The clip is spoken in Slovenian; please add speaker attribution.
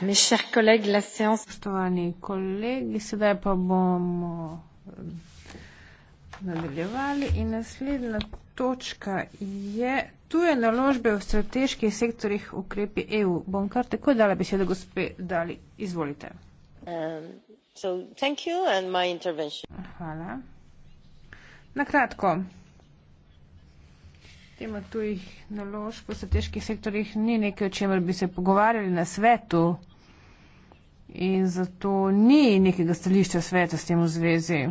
Speaker 1: Spoštovani kolegi, sedaj pa bomo eh, nadaljevali in naslednja
Speaker 2: točka je tuje naložbe v strateških sektorjih ukrepi EU. Bom kar takoj dala besedo gospe Dali, izvolite.
Speaker 3: Um, Hvala.
Speaker 2: Na kratko. Tema tujih naložb v strateških sektorjih ni nekaj, o čemer bi se pogovarjali na svetu, In zato ni nekega stališča sveta s tem v zvezi.